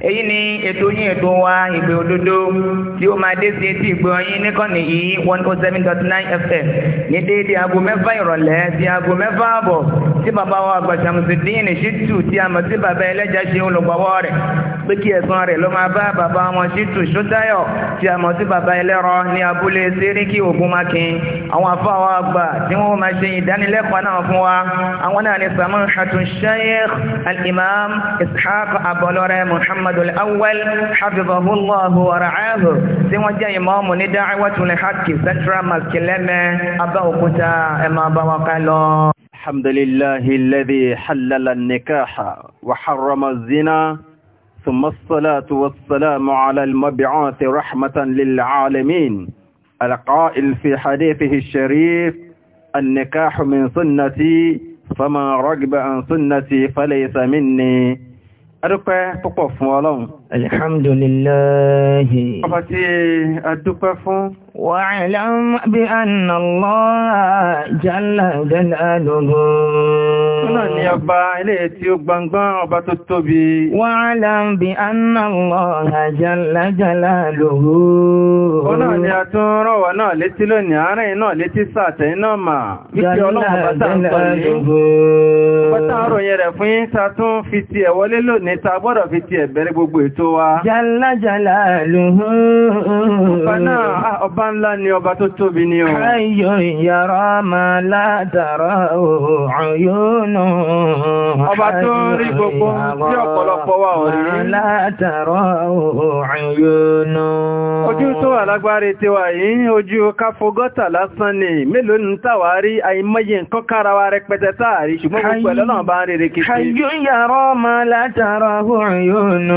èyí ni ètò yín ètò wa ìgbé òdodo tí ó máa dé sí etí ìgbé ọyìn níkànnì yìí one oh seven dot nine fm ní déédéé aago mẹ́fà ìrọ̀lẹ́ sí aago mẹ́fà àbọ̀ tí bàbá wa Ṣàmùsídíìnì Ṣítù tí a mọ̀ sí bàbá ẹlẹ́jà ṣe olùgbọ́wọ́ rẹ̀ pé kí ẹ̀sán rẹ̀ ló máa bá bàbá wọn Ṣítù Ṣótáyọ̀ tí a mọ̀ sí bàbá ẹlẹ́rọ ní abúlé Séríkì Ògúnmákin àwọn afáwọn àgbà tí wọ́n máa ṣe ìdánilẹ́kọ̀ọ́ náà fún wa àwọn náà ni Samahatu Sheikh Al-Imam Ishaq Abọlọ́rẹ́ Muhammad محمد الأول حفظه الله ورعاه سوى wọ́n jẹ́ ندعوة لحق سترى ما كلمة mosque lẹ́mẹ́ إما ẹ máa الحمد لله الذي حلل النكاح وحرم الزنا ثم الصلاة والسلام على المبعوث رحمة للعالمين القائل في حديثه الشريف النكاح من سنتي فما رغب عن سنتي فليس مني adúpẹ́ púpọ̀ fún ọlọ́run Alhamdulillahi. Ọba tí a dúpẹ́ fún. Wa alam bí anna Allah jalla jalaluhu. Ọ̀nà ni ọba ilé tí ó gbangbọ́n ọba tó tóbi. Wa alam bí anna Allah jalla jalaluhu. Ọ̀nà ni a tún rọ̀wọ̀ náà létí lónìí, àárín náà létí sàtẹ̀ iná mà. Wípé ọlọ́run bá tà ń ètò wa. Jalla jalaluhu. Ọba náà ọba ńlá ni ọba tó tóbi ni o. Ayò yàrá máa látara òyónú. Ọba tó rí gbogbo tí ọ̀pọ̀lọpọ̀ wa ò rí. Látara òyónú. Ojú tó wà lágbára ti wà yìí, ojú káfọ gọ́tà lásán ni, mélòó ní tàwárí àìmọye nǹkan kára wa rẹpẹtẹ táàrí, ṣùgbọ́n gbogbo ẹ̀lọ́nà bá ń rere kìí. Ayò yàrá máa látara òyónú.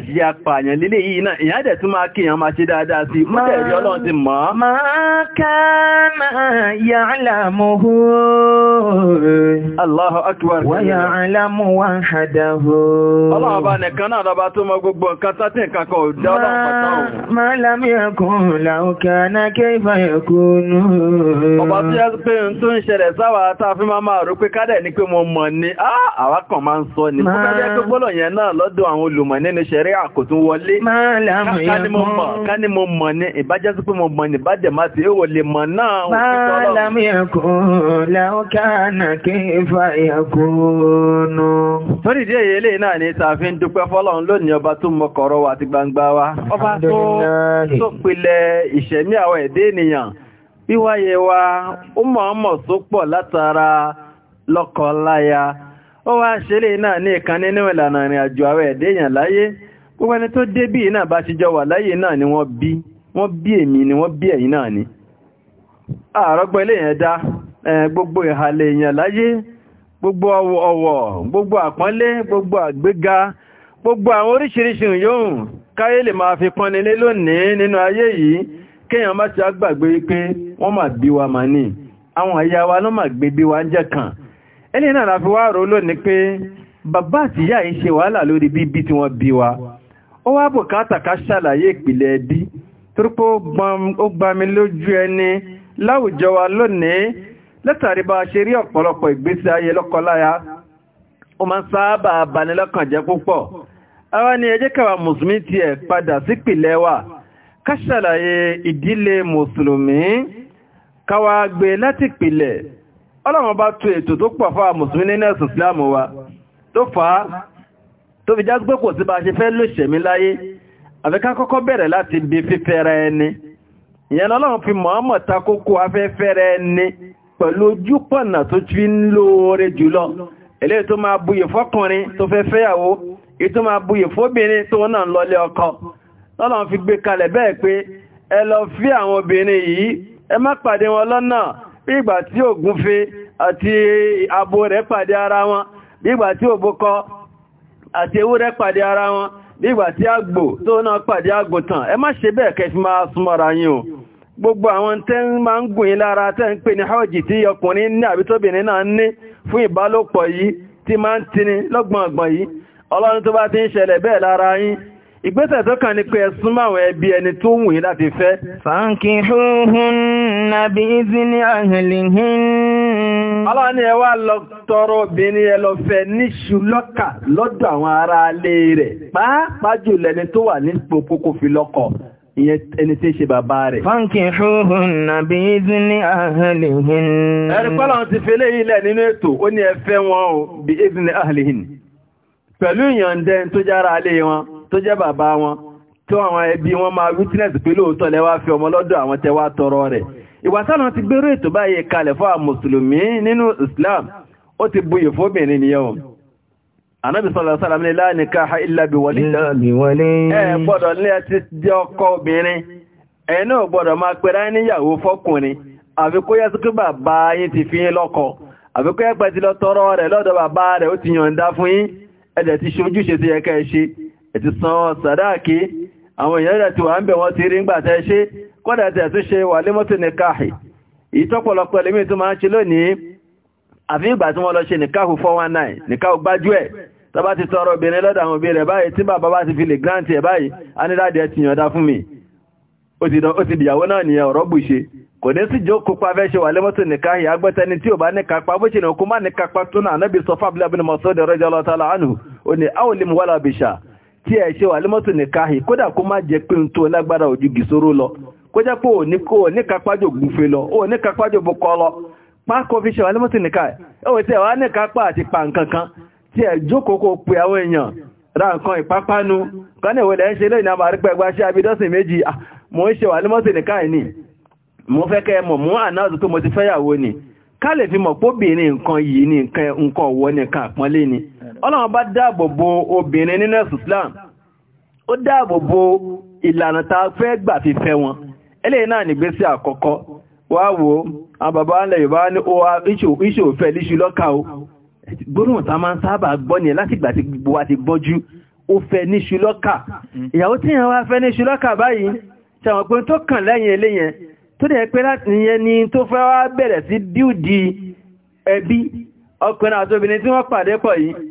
àṣìṣe apààyàn lílé yìí náà ìyá dẹ̀ tún máa kíyàn máa ṣe dáadáa sí mú tẹ̀rí ọlọ́run ti mọ̀ máa yà á lámú hó Allahu akbar wa yà á lámú wà ń hàdà hó. ọlọ́run bá nìkan náà lọ́ba tó mọ gbogbo nǹkan sátì nǹkan kan ò dá ọlọ́run pátá máa lámì ẹkùn làókè anáké ṣẹ̀ríà kò tún wọlé ká ní mo mọ̀ ní ìbájẹ́ sí pé mo mọ̀ ní ìbájẹ́ máa ti èèwọ̀ lè mọ̀ náà Máàlámù ẹ̀kùn láókàánà kí ìfà ìyàkùnú. Torí díẹ̀ yẹ lè náà ní tààfi dúpẹ́ fọ́lọ́run lónìí ọba tó mọ kọ̀rọ̀ wa àti gbangba wa. Ọba tó pilẹ̀ ìṣẹ̀mí àwọn ẹ̀dẹ́ ènìyàn, wíwáyé wa, ó mọ̀ ọmọ látara gbogbo ẹni tó dé bí náà bá ṣe jọ wà láyé náà ni wọ́n bí wọ́n bí èmi ni wọ́n bí ẹ̀yin náà ni àrọ́gbọ́ ilé yẹn dá gbogbo ìhàlẹ̀ èèyàn láyé gbogbo ọ̀wọ̀ gbogbo àpọ́nlé gbogbo àgbéga gbogbo àwọn oríṣiríṣi yóò káyé lè máa fi pọ́n nílé lónìí nínú ayé yìí kéèyàn má ti àgbàgbé pé wọ́n mà bí wa mà ní àwọn àyà wa ló mà gbé bí wa ń jẹ́ kan ẹni náà la fi wá rò lónìí pé bàbá àtìyá yìí ṣe wàhálà lórí bíbí tí wọ́n bí wa. Wow ó wá bùkátà ká ṣàlàyé ìpìlẹ̀ ẹbí torípó ó gbami lójú ẹni láwùjọ wa lónìí látàrí bá ṣe rí ọ̀pọ̀lọpọ̀ ìgbésí ayé lọ́kọláya ó máa ń sáábà banilọ́kànjẹ́ púpọ̀ àwa ni ẹ jẹ́ ká wá mùsùlùmí tiẹ̀ padà sípìlẹ̀ wa ká ṣàlàyé ìdílé mùsùlùmí ká gbé e láti pìlẹ̀ ọlọ́run bá tu ètò tó pọ̀ fáwọn mùsùlùmí nínú ẹ̀sùn islam wa tó fàá tó fi já pé kò sí bá ṣe fẹ́ lò ṣẹ̀mí láyé àfikà kọ́kọ́ bẹ̀rẹ̀ láti bí fífẹ́ra ẹni ìyẹn lọ́lọ́run fi mọ̀ọ́mọ̀ ta kókó afẹ́fẹ́ra ẹni pẹ̀lú ojú pọ̀nà tó fi ń lóore jùlọ eléyìí tó máa buyè fọ́kùnrin tó fẹ́ fẹ́yàwó èyí tó máa buyè fóbìnrin tó náà lọlé ọkọ lọ́lọ́run fi gbé kalẹ̀ bẹ́ẹ̀ pé ẹ lọ fí àwọn obìnrin yìí ẹ má pàdé wọn lọ́nà bí ìgbà tí ògúnfe àti abo rẹ̀ pàdé ara wọn bí ìgbà tí òbúkọ àti ewúrẹ́ pàdé ara wọn nígbà tí àgbò tó náà pàdé agbo ẹ má ṣe bẹ́ẹ̀ kẹ́ fi máa súnmọ́ra o gbogbo àwọn tẹ́ ń n ń gùn yín lára tẹ́ ń pè ní hajj tí ọkùnrin ní àbí náà ní fún ìbálòpọ̀ yìí tí máa ń tini lọ́gbọ̀ngbọ̀n yìí ọlọ́run tó bá ti ń ṣẹlẹ̀ bẹ́ẹ̀ lára yín ìgbésẹ̀ tó kàn ní pé ẹ̀sùn máwọn ẹbí ẹni tó wùn yín láti fẹ́. fankihuhunna bi izni ahlihin. Allah ni ẹ wá lọ tọrọ obìnrin ẹ lọ fẹ́ níṣù lọ́kà lọ́dọ̀ àwọn ará alé rẹ̀ pàápàá jùlọ ẹni tó wà ní pòpòkò fi lọ́kọ ìyẹn ẹni tí ṣe bàbá rẹ̀. fankihuhunna bi izni ahlihin. ẹ̀rí pọ́lọ̀ ti fi léyìn lẹ̀ nínú ètò ó ní ẹ fẹ́ wọn o bi izni ahlihin pẹ̀lú ìyọ̀ǹdẹ́ tó jára alé wọn tó jẹ́ bàbá wọn tí àwọn ẹbí wọn máa wítínẹ̀sì pé lóòótọ́ lẹ́wà fi ọmọ lọ́dọ̀ àwọn tẹwà tọrọ rẹ̀ ìwàsánà ti gbérò ètò báyìí kalẹ̀ fún àmùsùlùmí nínú Islam ó ti buyì fóbìnrin níyàwó fọ́kùnrin ti fi yín ti lọ ṣe ẹ̀tì san sàdáàkì àwọn èèyàn rẹ̀ tí wà ń bẹ̀ wọ́n ti rí ń gbàtẹ́ ṣe kọ́dà tẹ̀ tó ṣe wà lémọ́tò nìkáàhì ìtọ́pọ̀lọpọ̀ ẹlẹ́mí tó máa ń ṣe lónìí àfi ìgbà tí wọ́n lọ ṣe nìkáàhù 419 nìkáàhù gbájúẹ̀ tọba ti tọrọ obìnrin lọ́dọ̀ àwọn obìnrin rẹ̀ báyìí tí bàbá bá ti fi lè gírántì ẹ̀ báyìí a ní láti ẹ̀ ti yọ̀ǹda fún mi ó ti dìyàwó náà nìyẹn ọ̀rọ̀ bù ṣe kò ní sí jẹ́ òkú pàfẹ́ ṣe wà lẹ́mọ́tò nìkáhì agbẹ́tẹni tí ò bá ní kápá bó ṣe ní òkú má ní kápá tó náà náà bí sọ fábílẹ̀ bí ni mọ̀sọ́dẹ̀ rẹ́jọ́ lọ́tàlá ánù ó ní áwòlé mú wà tí ẹ ṣe wàlímọ́tò nìkáhì kódà kó má jẹ pé ń tó lágbára ojú gìsóró lọ kó jẹ́ pé ò ní kó ní kápájò gúnfe lọ ò ní kápájò bukọ lọ pákó fi ṣe wá ní kápá àti pa nǹkan kan tí ẹ jókòó kó pe àwọn ra nǹkan ìpápánu kan ní ìwòlẹ̀ ń ṣe lóyìn ẹgbà ṣe abidọ́sìn méjì ń ṣe ni mo fẹ́ kẹ́ mọ̀ mú tó mo ti ọlọ́run bá dáàbò bo obìnrin nínú ẹ̀sùn Islam ó dáàbò bo ìlànà tá a fẹ́ gbà fi fẹ́ wọn eléyìí náà nígbésí àkọ́kọ́ wá wo àwọn bàbá ńlẹ̀ Yorùbá ní iṣẹ́ òfẹ́ líṣu lọ́ka o gbóríwọ̀n tá a máa ń sábà gbọ́ ni láti gbà tí gbogbo wa ti gbọ́jú ó fẹ́ níṣu lọ́ka ìyàwó tí yẹn wá fẹ́ níṣu lọ́ka báyìí ṣàwọn pé tó kàn lẹ́yìn eléyẹn tó dẹ̀ pé láti yẹn ni tó fẹ́ wá bẹ̀rẹ̀ sí díùdì ẹbí ọkùnrin àtobìnrin tí wọ́n pàdé pọ̀ yìí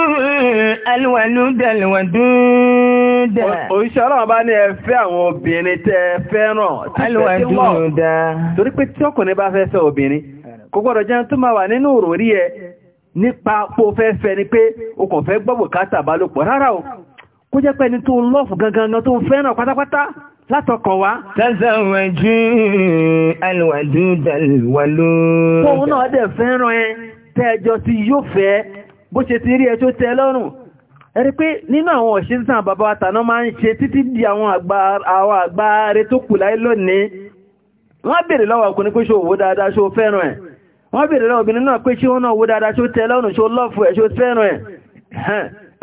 alwalud alwadud. Òṣìṣẹ́ bá ní ẹfẹ́ àwọn obìnrin tẹ fẹ́ràn tí fẹ́ Torí pé tí ọkùnrin bá fẹ́ fẹ́ obìnrin, kò gbọ́dọ̀ jẹun tó máa wà nínú òròrí ẹ nípa pò fẹ́ fẹ́ ni pé o fẹ́ bá o. Kó jẹ́ pẹ́ni tó lọ́fù gangan tó fẹ́ràn pátápátá látọkọ̀ wá. bó ṣe ti rí ẹ tó tẹ́ lọ́rùn ẹ̀rí pé nínú àwọn òṣìṣàn bàbá àtàná máa ń ṣe títí di àwọn àgbà rẹ tó kù láì lónìí wọ́n bèèrè lọ́wọ́ ọkùnrin pé ṣe òwò dáadáa ṣe ó fẹ́ràn ẹ̀ wọ́n bèèrè lọ́wọ́ obìnrin náà pé ṣe ó náà owó dáadáa ṣe ó tẹ́ fẹ́ràn ẹ̀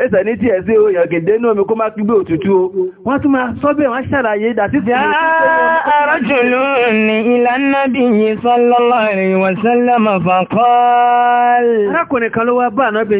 ẹsẹ̀ ní tí ẹ̀ sí òyìn gèdè ní omi kó má kí gbé òtútù o wọ́n tún máa sọ́bẹ̀ wọ́n ṣàlàyé dàtí sí àrájùlú ní ìlànà bí i sallallahu alaihi wa sallam faqal arákùnrin kan bá ànábì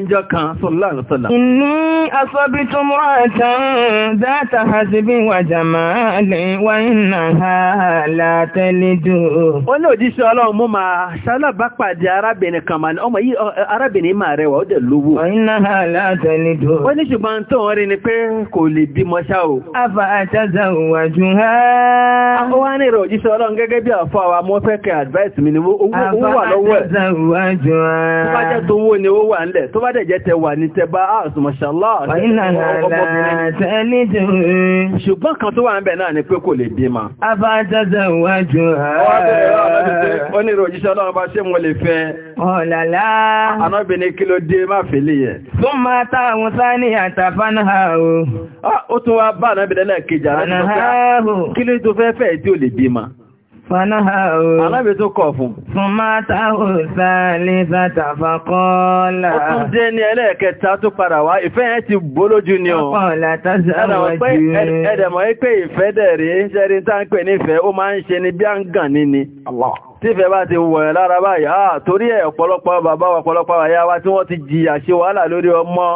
arábìnrin kan mà ní ọmọ yìí arábìnrin máa rẹwà ó dẹ̀ lówó wa innaha la talidu ó ní ṣùgbọ́n tó rí ni pé kò lè bímọ ṣá o. afa àtàzà òwàjú ha. ó wá ní ìrọ̀ ọlọ́run gẹ́gẹ́ bí àfọ àwọn amọ́fẹ́kẹ́ advice mi ni owó wà lọ́wọ́ ẹ̀. afa àtàzà òwàjú ha. tó bá ó bá jẹ́ ah, tó wà ni ó ní ìrọ̀ òjíṣẹ́ Ọ̀làlá. Anábìnrin kí ló dé máa fi lè yẹ. Tó máa táwọn sáni àtàfánà o. Ah, ó tún wá bá anábìnrin náà kejì anábìnrin náà. Kí ló tó fẹ́fẹ́ tí ò lè bí ma? Fọ́náhàó. Alábì tó kọ̀ fún. Fún máa táhù sáàlì sátàfàkọ́ọ́lá. Ó tún dé ní ẹlẹ́ẹ̀kẹta tó ìfẹ́ yẹn ti bó lójú ni ọ. Ọ̀pọ̀lá tásàwọ̀jú. Ẹ̀dẹ̀mọ̀ pé ìfẹ́ dẹ̀rí, ṣẹ́rí tá ń pè nífẹ̀ẹ́, ó máa ni bí a Allah bá ti wọ̀nyẹ̀ lára báyìí, àà torí ẹ̀ ọ̀pọ̀lọpọ̀ bàbá wa ọ̀pọ̀lọpọ̀ àyá wa tí wọ́n ti jìyà ṣe wàhálà lórí ọmọ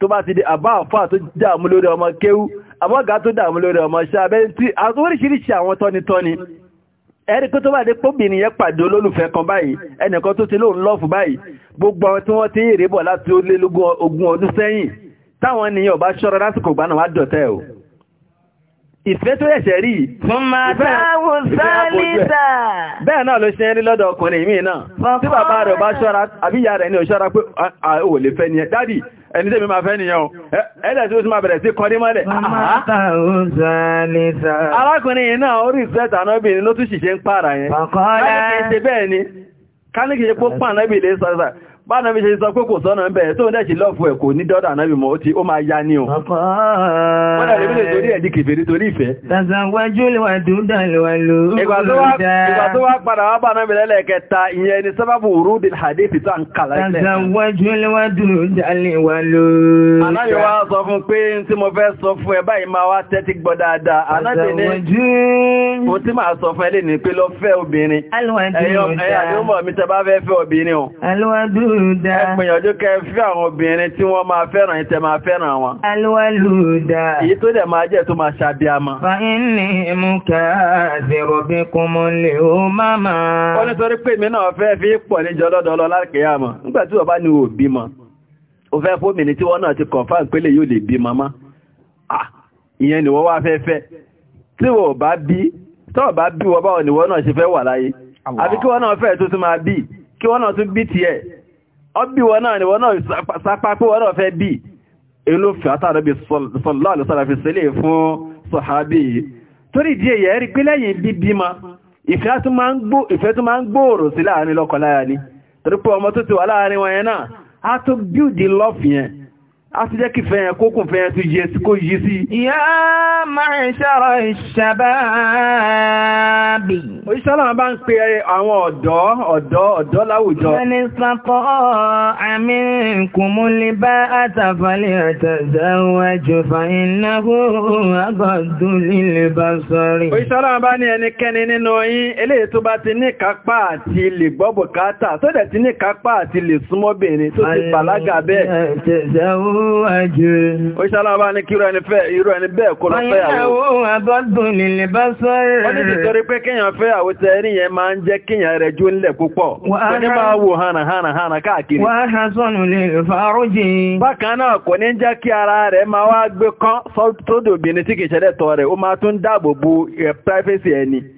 tó bá ti di àbá àfáà tó dààmú lórí ọmọ kéwú, àbọ́gá tó dààmú lórí ọmọ ṣáà bẹ́ẹ̀ tí àwọn oríṣiríṣi àwọn tọ́nitọ́ni ẹ̀rí kó tó bá dé póbìnrin yẹn pàdé olólùfẹ́ kan báyìí ẹnìkan tó ti lóun lọ́ọ̀fù báyìí gbogbo àwọn tí wọ́n ti ń rèébọ̀ láti ó lé lógún ogún ọdún sẹ́yìn táwọn ènìyàn ọba ṣọ́ra lásìkò gbà náà wá dọ̀tẹ́ o ìfẹ́ tó ẹ̀ṣẹ̀ rí bẹ́ẹ̀ náà ló ṣe ń rí lọ́dọ̀ ọkùnrin míì náà tí bàbá rẹ̀ ọba ṣọ́ra àbíyá rẹ̀ ní ò ṣọ́ra pé ò lè fẹ́ ni ẹ̀ dádì ẹni tẹ́mi máa fẹ́ nìyàn ẹ̀ẹ́dẹ̀ tí ó ti máa bẹ̀rẹ̀ sí kọrí mọ́lẹ̀. arákùnrin náà orí ìfẹ́ tànábìnrin ló tún ṣìṣẹ́ ń pààrà yẹn bána mi ṣe sọ pé kò sọ́nà ń bẹ̀rẹ̀ tó ń dẹ̀ṣì lọ́fù ẹ̀ kò ní dọ́dà náà mímọ̀ ó ti ó máa ya ní o wọ́n dẹ̀ lè torí ẹ̀dí kèfèrí torí ìfẹ́ ìgbà tó wá padà wá bána mi lẹ́lẹ́kẹta ìyẹn ni sábàbù rúdìn hadithi tó ń kàlá ilẹ̀ Alwaluda. Ẹgbìyànjú kẹ fẹ́ àwọn obìnrin tí wọ́n máa fẹ́ràn ìtẹ máa fẹ́ràn wọn. Alwaluda. Èyí tó dẹ̀ máa jẹ́ tó máa ṣàbí àmà. Fa inni mukadhiru bikumul yawma. Ó nítorí pé mi náà fẹ́ fi pọ̀ ní jọlọ́dọ̀ọ́lọ́ lárkìyàmọ̀. Nígbà tí wọ́n bá ní òbí mọ́, ó fẹ́ fómìnì tí wọ́n náà ti confirm pé lè yóò lè bí màmá. Ìyẹn ni wọ́n wá fẹ́ fẹ́. Tí wọ́n bá bí, tọ́ bá bí wọ́n báwọn ni wọ́n náà ṣe fẹ́ wà láyé. Àbí kí wọ́n náà fẹ́ tó tún máa bí, kí wọ́n náà tún bí tiẹ̀ ọbí wọn náà ni wọn náà sápá pé wọn náà fẹ́ bí elófin àtàrẹ́bí sallallahu alaihi wasallam fi sílẹ̀ fún sọ̀hábí torí díẹ̀ yẹ̀ rí pé lẹ́yìn bíbí ma ìfẹ́ tó máa ń gbòòrò sí láàrin lọ́kọláya ni torí pé ọmọ tó ti wà láàrin wọn yẹn náà á tó bíúdì lọ́fì yẹn a ti jẹ́ kí fẹ́yẹn kókùn fẹ́yẹn tó yẹ sí kó yí sí. Ya ma'shara ash-shababi. Òṣìṣẹ́ náà bá ń pe àwọn ọ̀dọ́ ọ̀dọ́ ọ̀dọ́ láwùjọ. Man istata'a minkumul ba'ata falyatazawwaj fa innahu aghaddu lil-basari. Òṣìṣẹ́ náà bá ní ẹnikẹ́ni nínú yín eléyìí tó bá ti ní kápá àti lè gbọ́ bùkátà tó dẹ̀ ti ní kápá àti lè súnmọ́bìnrin tó ti pàlágà bẹ́ẹ̀. ajrun. Ó ṣe ní kíro ẹni fẹ́, irú ẹni bẹ́ẹ̀ kó lọ fẹ́yàwó. Ọ̀yẹ́wò àbọ́dùn nílẹ̀ bá sọ́rẹ̀. Wọ́n ti dị pé kíyàn fẹ́yàwó tẹ ẹni máa ń jẹ́ kíyàn rẹ̀ jó púpọ̀. ní máa wò hànà hànà káàkiri. ha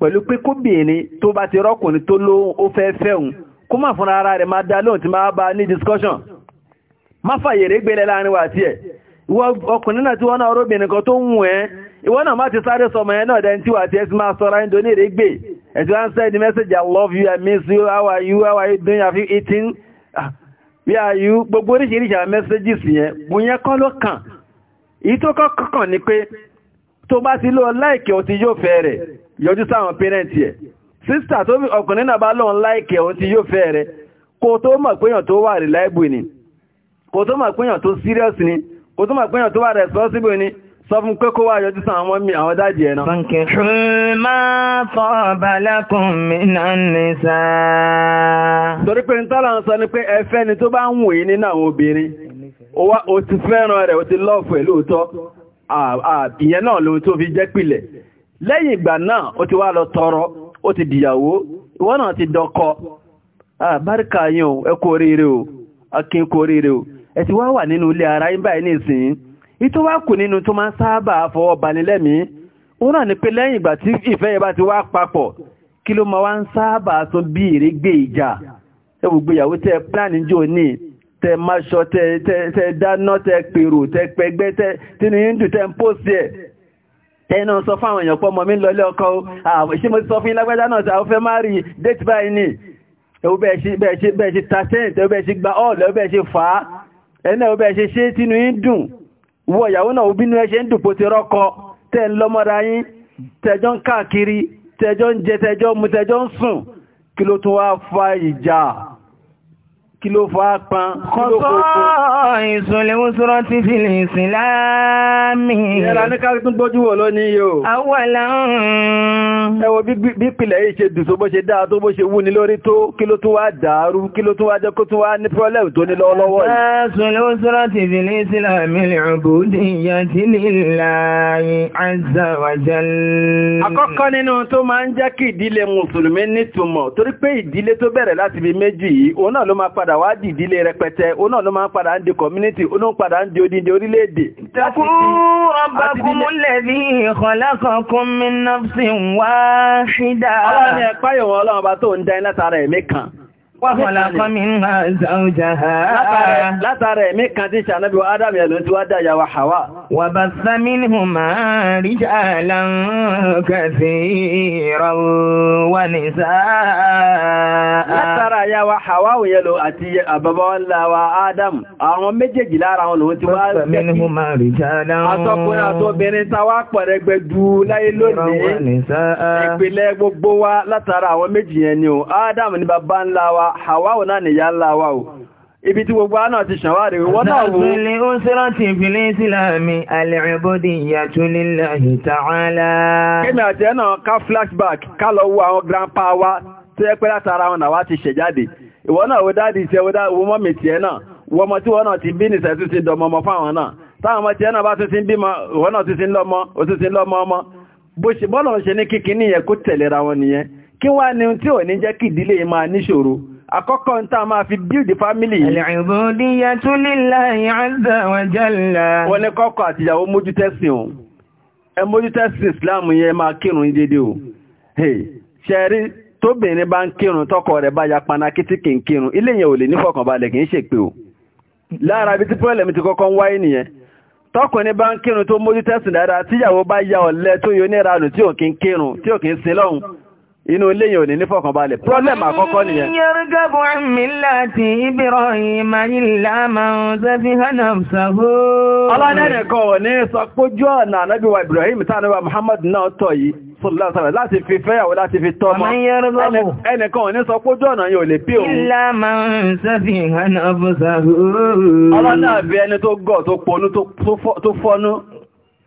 pẹ̀lú pé kóbìnrin tó bá ti rọ́kùnrin tó ló ó fẹ́ fẹ́hùn kó má ara rẹ̀ máa dá lóhùn máa bá ní discussion má fàyèrè gbélẹ̀ láàrin wà tí ẹ̀ ọkùnrin náà tí wọ́n náà róbìnrin kan tó ń ẹ́ náà má ti sáré sọmọ ẹ náà dẹni tí wà tí ẹ ti máa ń i love you i miss you how are you how are you doing have you eaten ah, are you gbogbo oríṣiríṣi àwọn messages yẹn kọ́ ló kàn èyí tó kọ́ yọjú sáwọn pẹ́rẹ́ntì ẹ̀ sísà tó ọkùnrin náà bá lọ́n láìkẹ̀ ohun tí yóò fẹ́ rẹ̀ kò tó mọ̀ péyàn tó wà reliable ni kò tó mọ̀ péyàn tó serious ni kò tó mọ̀ péyàn tó wà responsible ni sọ fún pé kó wá yọjú sáwọn ọmọ mi àwọn dájì ẹ̀ náà. torí pé ntọ́lá ń sọ ni pé ẹfẹ́ ni tó bá ń wòye nínú àwọn obìnrin o ti fẹ́ràn rẹ̀ o ti lọ́ọ̀fù ẹ̀ lóòótọ́ ìyẹn náà lóhun tó fi jẹ́ pìlẹ̀ lẹ́yìn ìgbà náà o ti wá lọ tọrọ o ti dìyàwó ìwọ náà ti dọkọ àbáríkà yín o ẹ oríire o akin kú oríire o ẹ ti wá wà nínú ilé ara yín báyìí nísìnyí ìtọ́ wá kù nínú tó máa ń sáábà fọwọ́ banilẹ́mìí òun náà ni pé lẹ́yìn ìgbà tí ìfẹ́ yẹn bá ti wá papọ̀ kí ló máa ń sáábà bí ìjà ẹ tẹ pílánì jò ní tẹ tẹ dáná tẹ pèrò tẹ pẹgbẹ tẹ yín dùn tẹ ń ẹ tẹ́nà sọ fáwọn èèyàn pọ́ mọ́ mi lọlé ọkọ̀ ṣe mo ti sọ fún ilágbẹ́dá náà tí a fẹ́ máa rí date by ní ẹwú bẹ́ẹ̀ ṣe tàṣẹ́ǹt ẹwú bẹ́ẹ̀ ṣe gba ọ́ọ̀lù ẹwú bẹ́ẹ̀ ṣe fà á ẹ̀nà ẹwú bẹ́ẹ̀ ṣe ṣe tínú yín dùn wọ ìyàwó náà bínú ẹ ṣe ń dùn pòtí rọ́kọ tẹ́ ń lọ́mọ́ra yín tẹjọ́ ń kí ló fa pan kí ló kó kó. ìsòlè òṣòro ti fi lè sí láàmì. ìyẹ́ra ní ká tún gbójú wò lónìí yóò. àwọ̀lá ń. wo bí pìlẹ̀ yìí ṣe dùsọ bó ṣe dáa tó bó ṣe wú ni lórí tó kí ló tún wá dàárú kí ló tún wá jẹ́ kó tún wá ní pírọ́lẹ̀mù tó ní lọ́wọ́lọ́wọ́ jalla. àkọ́kọ́ nínú tó máa ń jẹ́ kí ìdílé mùsùlùmí nítumọ̀ torí pé ìdílé tó bẹ̀rẹ̀ padà wá dìdílé rẹpẹtẹ ó náà ló máa ń padà ń di community ó náà ń padà ń di odindi orílẹ̀-èdè. takú rabbakum alladhi khalaqakum min nafsin wahida. ọlọ́run ẹ̀ páyọ̀ wọn ọlọ́run ọba tó ń dá iná tara ẹ̀mí kan. Látàrà ẹ̀mí kan tí ṣànábí wa Adam yẹ̀ lóun tí wá dáyà wa Hawa. Wà bá sámínú máa rí ṣàlá ń kàfí ìrọ̀ wà ní sáà lára ya wa hawawu yẹlo àti àbàbáwá ńlá wa adam àwọn méjèèjì lára wọn lòun ti wá àtọkùnrin àtọbìnrin tàwà pọ̀rẹ̀ gbẹ̀dú láyé lónìí ìpìlẹ̀ gbogbo wa látara àwọn méjì tó yẹ pé látara wọn náà wá ti ṣẹ̀jáde ìwọ náà wo dáàdì tiẹ̀ wo mọ́mì tiẹ̀ náà wọ́n mọ́ tí wọ́n náà ti bí nìṣẹ́ tún ti dọmọ ọmọ fáwọn náà táwọn ọmọ tiẹ̀ náà bá tún ti bímọ ìwọ náà tún ti lọ́mọ ó tún ti lọ́mọ ọmọ bó ṣe bọ́ọ̀lù ṣe ní kíkí kó wọn nìyẹn kí ni tí ò ní jẹ́ kí ìdílé yìí máa níṣòro fi build family yìí. al-ubudiyyatu lillahi azza wa jalla. wọ́n ní kọ́kọ́ àtìyàwó mójú tẹ́sìn o ẹ mójú tẹ́sìn Islam yẹn máa kírun dédé o ṣe rí tóbìnrin bá ń kírun tọkọ rẹ̀ bá ya panakítí kì ń kírun ilé yẹn ò lè kì o lára ibi tí pọ́lẹ̀mù ti kọ́kọ́ ń wáyé nìyẹn tọkùnrin bá ń kírun tó mójú tẹ́sìn dáadáa tíyàwó bá tó yọ ní tí ò kí ń kírun inú ilé yẹn ò ní nífọ̀kànbalẹ̀ problem àkọ́kọ́ nìyẹn. yargabu millati Ibrahima illa man safiha nafsahu. ọlọ́dẹ̀rẹ̀ kan ò ní sọ pójú ọ̀nà ànábì Ibrahim tánúwà Muhammad náà tọ̀ yìí sọ̀lọ́sọ̀rọ̀ láti fi fẹ́yàwó láti fi tọ́mọ ẹnìkan ò ní sọ pójú ọ̀nà yóò lè pí òun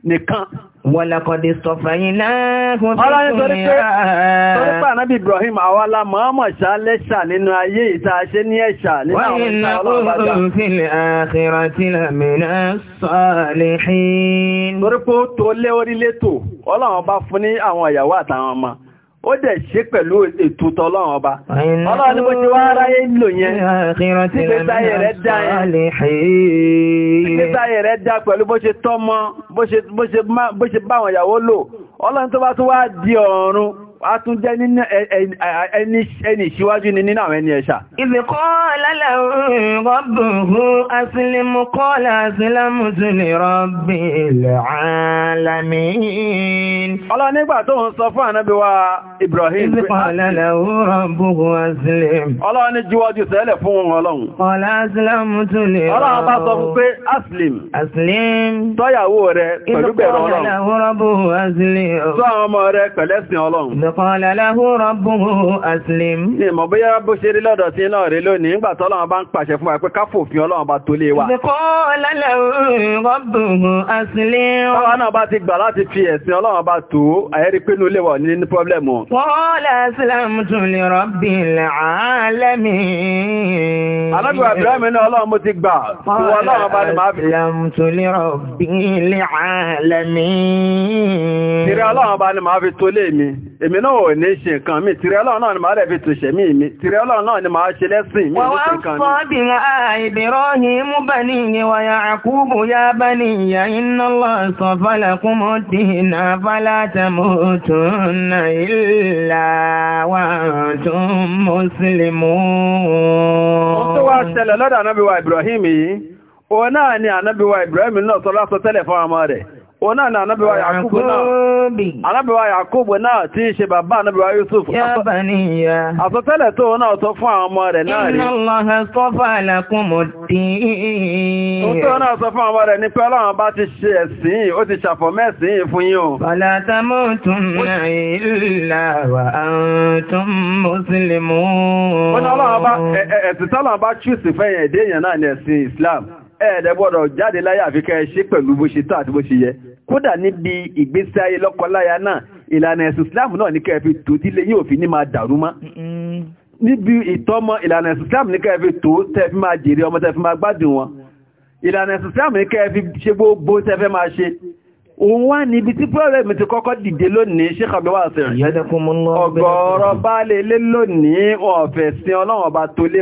nìkan. Wọ̀làkọ̀dé sọ̀fà yìí láàrùn tó kùn ní rà. Torípa ànábì Ibrahim àwọ́lá mọ́mọ̀ ṣá lẹ́ṣà nínú ayé ìta ṣe ní ẹ̀ṣà nínú fil akhirati lamina salihin. Torípa ó tó lé orílẹ̀ tó, Ọlọ́run bá fún ní àwọn ìyàwó àtàwọn ó dẹ̀ ṣe pẹ̀lú ètò tọ́lọ́run ọba ọlọ́run ni mo ti wá ráyé nílò yẹn ìgbésáyẹ̀ rẹ̀ dá yẹn ìgbésáyẹ̀ rẹ̀ dá pẹ̀lú bó ṣe tọ́mọ bó ṣe báwọn ìyàwó lò ọlọ́run tó wá di ọ̀run a tún jẹ́ nínú ẹni ìṣíwájú ni nínú àwọn ẹni ẹ̀ṣà. Idh qala lahu rabbuhu aslim qala aslamtu li rabbil alamin. Ọlọ́ nígbà tó ń sọ fún ànábí wa Ibrahim. Idh qala lahu rabbuhu aslim. Ọlọ́ ní jíwájú sẹ́lẹ̀ fún wọn ọlọ́run. Qala aslamtu li rabbil alamin. Ọlọ́run bá sọ fún pé aslim. Aslim. Tọ́yàwó rẹ̀ pẹ̀lú bẹ̀rẹ̀ ọlọ́run. Idh qala lahu rabbuhu aslim. Tọ́ àwọn ọmọ rẹ̀ pẹ̀lẹ́sìn ọlọ́run. قال له ربه أسلم ìmọ̀ bóyá bó ṣe rí lọ́dọ̀ sí náà rí lónìí nígbà tọ́lọ́run bá ń pàṣẹ fún wa pé ká fòfin Ọlọ́run bá tó lé wa. قال له ربه أسلم Ọlọ́run náà bá ti gbà láti fi ẹ̀sìn Ọlọ́run bá tó àyẹ́rí pé inú ilé wọ̀ ní ní pọ́blẹ̀mù. قال أسلمت لرب العالمين Alábíwá Ibrahim ní Ọlọ́run mo ti gbà. Wọ́n Ọlọ́run bá ní máa fi. أسلمت لرب العالمين. Ìrẹ́ Ọlọ́run bá ní máa fi tó lé náà ò ní ṣe nǹkan mi tìrẹ ọlọ́run náà ni máa rẹ̀ fi tò ṣẹ̀ mí mi tìrẹ ọlọ́run náà ni máa ṣe lẹ́sìn mi ní ṣe nǹkan mi. wọ́n bí i Ibrahim baniya wa Yaqubu ya baniya inna Allah safa lakumud din fala tamutunna illa wa antum muslimun. ó tó wá ṣẹlẹ̀ lọ́dọ̀ ànábíwá Ibrahim yìí òun náà ni ànábíwá Ibrahim náà sọ lásọ tẹ́lẹ̀ Ona na anabiwa Yakubu náà. Anabiwa Yakubu náà ti ṣe bàbá anabiwa Yusuf. Ya baniya. Àsọtẹ́lẹ̀ tó na sọ fún ọmọ rẹ̀ na rí. Inna Allaha istafa din fún ọmọ rẹ̀ ní pé ti ṣe ẹ̀sìn, ó ti ṣàfọ̀mẹ́sìn fún o. Fala tamutunna illa wa antum muslimun. Ó ní Ọlọ́run bá ẹ̀sìn tọ́lọ́run bá chúùsì fẹ́yìn ẹ̀dẹ́ èèyàn náà ní ẹ̀sìn Islam. Ẹ̀ẹ̀dẹ̀ jáde láyé àfikẹ́ ṣe pẹ̀lú bó ṣe tó àti bó ṣe yẹ. kódà níbi ìgbésí ayé lọ́kọláya náà ìlànà ẹ̀sìn Islam náà ní kẹfì tó dílé yóò fi ní máa dàrú mọ́ níbi ìtọ́mọ ìlànà ẹ̀sìn Islam ní kẹfì tó tẹ́fí máa jèrè ọmọ tẹ́fí máa gbádùn wọn ìlànà ẹ̀sìn Islam ní kẹfì ṣe gbogbo tẹ́fẹ́ máa ṣe òun wá níbi tí pọ́lẹ̀mù ti kọ́kọ́ dìde lónìí ṣe kàbíwá sí ọgọ́rọ̀ bá lè lé lónìí ọ̀fẹ́ sí ọlọ́run ọba tó lé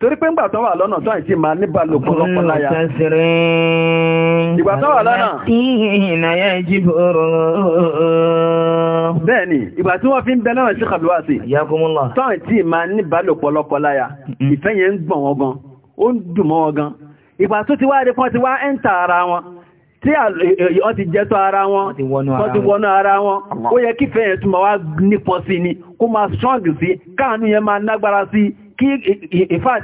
torí pé ń gbà tó wà lọ́nà tó àìsí máa níbà lò láyá ìfẹ́ yẹn ń gbọ̀n wọn gan ó ń dùn mọ́ wọn gan ìgbà tó ti wá rí fún ti wá ń ta ara wọn tí ọ ti jẹ́ tó ara wọn tó ti wọnú ara wọn ó yẹ kífẹ́ yẹn túnmọ̀ wá nípọ̀ sí ni kó máa strong sí káànú yẹn máa nágbára sí kí ìfàt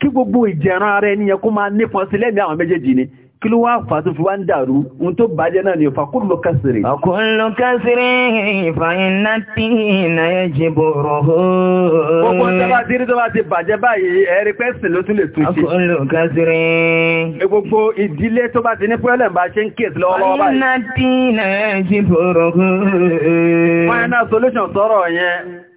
kí gbogbo ìjẹran ara ẹni yẹn kó máa nífọn sí lẹ́mí àwọn méjèèjì ni kí ló wá fà tó fi wá ń dàrú ohun tó bàjẹ́ náà ni ò fàkúlù kásìrì. ọkùnlù kásìrì ìfàyínà tí kásìrì. gbogbo ìdílé tí ìnà ẹjì bòrò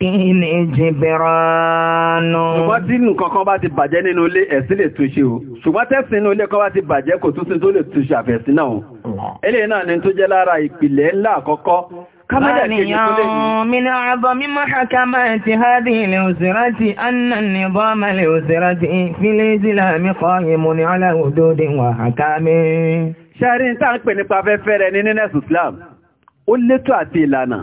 kí ní jìbìránù. ṣùgbọ́n tí nǹkan kan bá ti bàjẹ́ nínú ilé ẹ̀sìn lè túnṣe o ṣùgbọ́n tẹ́sìn inú ilé kan bá ti bàjẹ́ kò tún sí tó lè túnṣe àfẹ̀sìn náà eléyìí náà ni tó jẹ́ lára ìpìlẹ̀ ńlá àkọ́kọ́ Báníyàn min àbọ̀ mímọ̀ hakama ti hádì ilẹ̀ òsìráti, annan ni bọ́ mẹ́lẹ̀ òsìráti, fílé sílẹ̀ mi kọ́ ìmú ni aláwòdódé ń pè nípa fẹ́fẹ́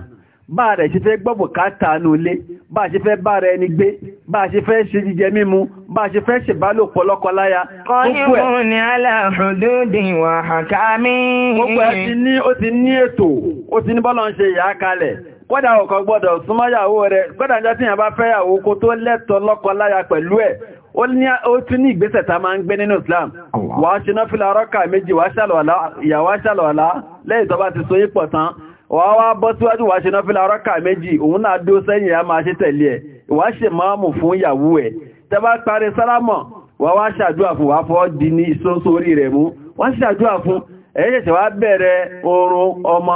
bá rẹ̀ ṣe fẹ́ gbọ́ bùkátà nù ilé bá ṣe fẹ́ bá rẹ̀ ẹni gbé bá ṣe fẹ́ ṣe jíjẹ mímu bá ṣe fẹ́ ṣe bá lò pọ̀lọ́kọ láya gbogbo ẹ̀ ti ní ó ti ní ètò ó ti kódà ọkọ gbọ́dọ̀ súnmọ́yàwó rẹ̀ kódà ìjọ tí yàn bá fẹ́yàwó kó tó lẹ́tọ̀ lọ́kọ pẹ̀lú ẹ̀ ó tún ní ìgbésẹ̀ tá máa ń gbé nínú Islam wàá ṣe náà fílà rọ́kà méjì wàá ṣàlọ̀ọ̀lá lẹ́yìn tó bá ti so yípọ̀ tán wà wá bọ́ síwájú wà ṣe náà fílà rákà méjì òun náà dó sẹ́yìn a máa ṣe tẹ̀lé ẹ̀ wà ṣe máàmù fún ìyàwó ẹ̀ tẹ́ bá parí sálámọ̀ wà wá ṣàdúà fún wà fọ́ di ní ìṣóṣórí rẹ̀ mú wà ṣàdúà fún ẹ̀yẹ́ wá bẹ̀rẹ̀ oorun ọmọ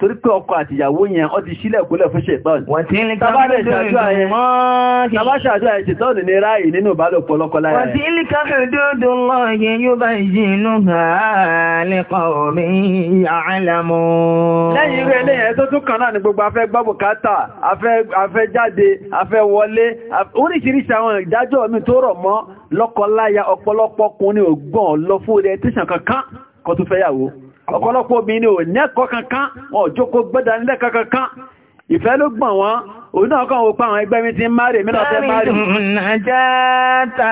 torí pé ọkọ àtìyàwó yẹn ọ ti sílẹ̀ kúlẹ̀ fún ṣètọ́nì tàbáṣàdúrà ẹ̀ ṣètọ́nì ní ráyì nínú ìbálòpọ̀ lọ́kọláya rẹ̀ wàtí ilé káfẹ́ dúdú ni gbogbo afẹ́ gbọ́ bùkátà afẹ́ jáde afẹ́ wọlé oríṣiríṣi àwọn ìdájọ́ mi tó rọ̀ mọ́ lọ́kọláya ọ̀pọ̀lọpọ̀ kún ní ògbọ́n lọ fún ilẹ̀ tíṣàn kankan ọ̀pọ̀lọpọ̀ obìnrin ò ní ẹ̀kọ́ kankan wọn ò jókòó gbẹ́dà nílẹ̀ kankan ìfẹ́ ló gbọ̀n wọn òun náà kàn ó àwọn ẹgbẹ́ mi ti márè mílọ̀ fẹ́ márè. nàjáta.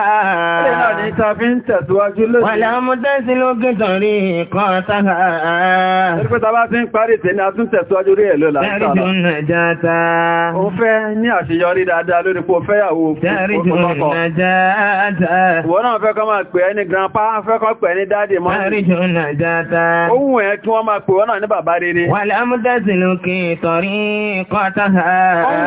ilé náà ní ta ń tẹ̀síwájú lónìí. wà láàmú lókè tọ̀rí kan tára. torí pé tábà fi ń parí tẹ̀lé a tún tẹ̀síwájú rí ẹ̀ ló là ń sọ̀rọ̀. dárídùn nàjáta. ó fẹ́ ní àṣeyọrí dáadáa lórí pé ó fẹ́ yàwó dárídùn nàjáta. ìwọ náà fẹ́ kọ́ máa pè é ní grandpa fẹ́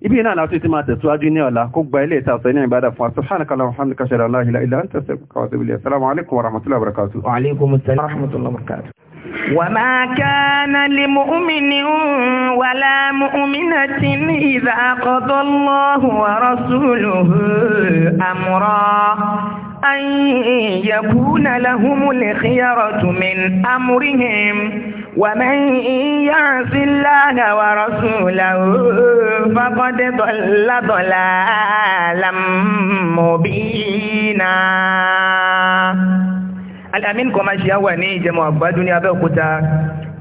ibi náà láti ti máa tẹ̀síwájú ní ọ̀la kó gba ilé ìta ọ̀sẹ̀ ní ìbádà fún subhanaka allahumma wa hamdika ashhadu an la ilaha illa anta astaghfiruka wa atubu ilayk assalamu alaikum wa rahmatullahi wa barakatuh wa alaikum assalam wa rahmatullahi wa barakatuh وما كان لمؤمن ولا مؤمنة إذا قضى الله ورسوله أمرا أن يكون لهم الخيرة من أمرهم ومن يعص الله ورسوله فقد ضل ضلالا مبينا Al-Amin commercial wà ní ìjẹmọ̀ àgbájú ní Abẹ́òkúta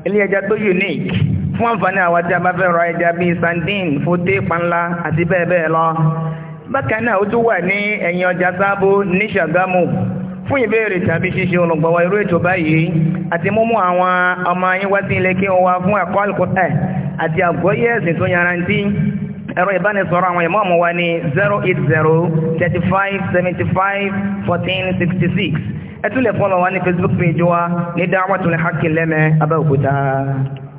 ilé ẹja unique fún àǹfààní àwọn tí a bá fẹ́ ra ẹja bíi sandin fóté panla àti bẹ́ẹ̀ bẹ́ẹ̀ lọ bákan náà ó tún wà ní ẹ̀yìn ọjà sábó ní Ṣàgámù fún ìbéèrè tàbí ṣíṣe olùgbọ̀wọ́ irú ètò báyìí àti múmú àwọn ọmọ yín wá sí ilé kí wọ́n wá fún ẹ̀kọ́ alùpùpẹ̀ àti àgbọ́yé ẹ̀sìn tó yarantí ẹ̀rọ ìbánisọ̀rọ̀ àwọn ìmọ̀ọ̀mù wa ní 080 35 75 14 fọ́lọ̀ wa ní Facebook page wa ní Da'watul Haqqi Abẹ́òkúta